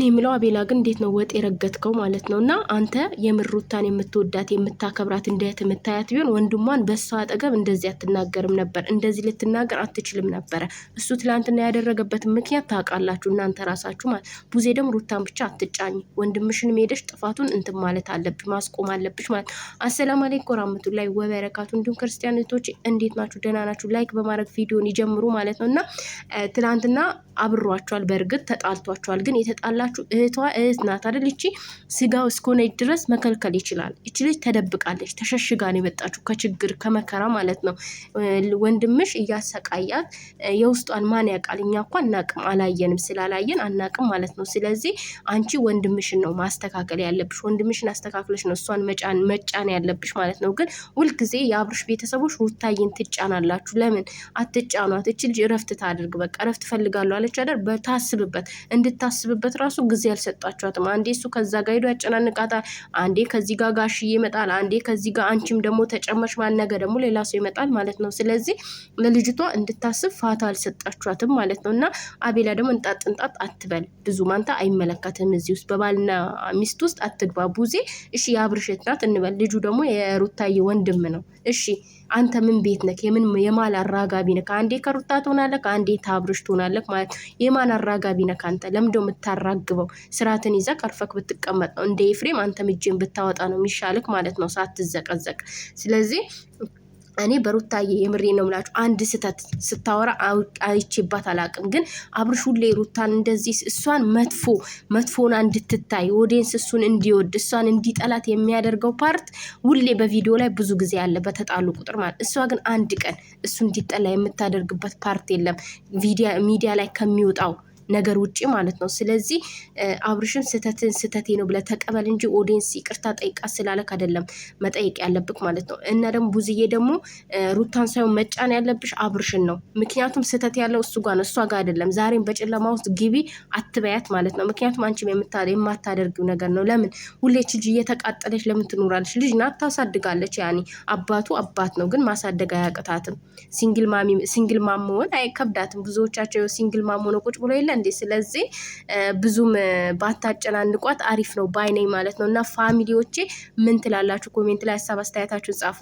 ግን የምለው አቤላ ግን እንዴት ነው ወጥ የረገጥከው ማለት ነው። እና አንተ የምሩታን የምትወዳት የምታከብራት እንደ የምታያት ቢሆን ወንድሟን በሷ አጠገብ እንደዚህ አትናገርም ነበር፣ እንደዚህ ልትናገር አትችልም ነበረ። እሱ ትላንትና ያደረገበትን ምክንያት ታውቃላችሁ እናንተ ራሳችሁ ማለት። ቡዜ ደግሞ ሩታን ብቻ አትጫኝ፣ ወንድምሽን ሄደሽ ጥፋቱን እንትን ማለት አለብሽ፣ ማስቆም አለብሽ ማለት ነው። አሰላም አለይኩም ወራህመቱላሂ ወበረካቱ። እንዲሁም ክርስቲያን እንዴት ናችሁ? ደህና ናችሁ? ላይክ በማድረግ ቪዲዮን ይጀምሩ ማለት ነው እና ትላንትና አብሯቸዋል። በእርግጥ ተጣልቷቸዋል። ግን የተጣላችሁ እህቷ እህት ናት አይደል? እቺ ስጋው እስከሆነ ድረስ መከልከል ይችላል። እቺ ልጅ ተደብቃለች፣ ተሸሽጋ ነው የመጣችሁ ከችግር ከመከራ ማለት ነው። ወንድምሽ እያሰቃያት የውስጧን ማን ያውቃል? እኛ እኳ አናቅም፣ አላየንም። ስላላየን አናቅም ማለት ነው። ስለዚህ አንቺ ወንድምሽን ነው ማስተካከል ያለብሽ። ወንድምሽን አስተካክለች ነው እሷን መጫን ያለብሽ ማለት ነው። ግን ሁልጊዜ የአብርሽ ቤተሰቦች ሩታዬን ትጫናላችሁ። ለምን አትጫኗት? እቺ ልጅ እረፍት ታድርግ፣ በቃ እረፍት ፈልጋለሁ አለች። አለች አይደል? በታስብበት እንድታስብበት ራሱ ጊዜ አልሰጣችኋትም። አንዴ እሱ ከዛ ጋር ሄዶ ያጨናንቃታል፣ አንዴ ከዚህ ጋር ጋሽ ይመጣል፣ አንዴ ከዚህ ጋር አንቺም ደግሞ ተጨመርሽ፣ ነገ ደግሞ ሌላ ሰው ይመጣል ማለት ነው። ስለዚህ ለልጅቷ እንድታስብ ፋታ አልሰጣችኋትም ማለት ነው። እና አቤላ ደግሞ እንጣጥ እንጣጥ አትበል ብዙ ማንታ አይመለከትም። እዚህ ውስጥ በባልና ሚስት ውስጥ አትግባ። ቡዜ እሺ የአብርሸት ናት እንበል፣ ልጁ ደግሞ የሩታዬ ወንድም ነው። እሺ አንተ ምን ቤት ነክ? የምን የማል አራጋቢ ነክ? አንዴ ከሩታ ትሆናለህ፣ አንዴ ታብርሽ ትሆናለህ ማለት ይላል። የማን አራጋቢ ነህ አንተ? ለምዶ የምታራግበው ስርዓትን ይዘህ ቀርፈክ ብትቀመጥ ነው እንደ ኤፍሬም አንተ እጅን ብታወጣ ነው የሚሻልክ ማለት ነው፣ ሳትዘቀዘቅ ስለዚህ እኔ በሩታዬ የምሬ ነው የምላችሁ፣ አንድ ስህተት ስታወራ አይቼባት አላቅም ግን አብርሽ ሁሌ ሩታን እንደዚህ እሷን መጥፎ መጥፎን እንድትታይ ኦዲየንስ እሱን እንዲወድ እሷን እንዲጠላት የሚያደርገው ፓርት ሁሌ በቪዲዮ ላይ ብዙ ጊዜ አለ፣ በተጣሉ ቁጥር ማለት። እሷ ግን አንድ ቀን እሱ እንዲጠላ የምታደርግበት ፓርት የለም ሚዲያ ላይ ከሚወጣው ነገር ውጭ ማለት ነው። ስለዚህ አብርሽም ስህተትን ስህተቴ ነው ብለህ ተቀበል እንጂ ኦዲንስ ይቅርታ ጠይቃ ስላለክ አይደለም መጠየቅ ያለብክ ማለት ነው። እና ደግሞ ቡዝዬ ደግሞ ሩታን ሳይሆን መጫን ያለብሽ አብርሽን ነው። ምክንያቱም ስህተት ያለው እሱ ጋር ነው፣ እሷ ጋር አይደለም። ዛሬም በጨለማ ውስጥ ግቢ አትበያት ማለት ነው። ምክንያቱም አንቺም የማታደርጊው ነገር ነው። ለምን ሁሌች ልጅ እየተቃጠለች ለምን ትኖራለች? ልጅ ናት ታሳድጋለች። ያኔ አባቱ አባት ነው፣ ግን ማሳደግ አያቅታትም። ሲንግል ማም መሆን አይከብዳትም። ብዙዎቻቸው ሲንግል ማም ሆነው ቁጭ ብሎ የለን እንዴ? ስለዚህ ብዙም ባታጨናንቋት አሪፍ ነው ባይነኝ ማለት ነው። እና ፋሚሊዎቼ ምን ትላላችሁ? ኮሜንት ላይ ሀሳብ አስተያየታችሁን ጻፉ።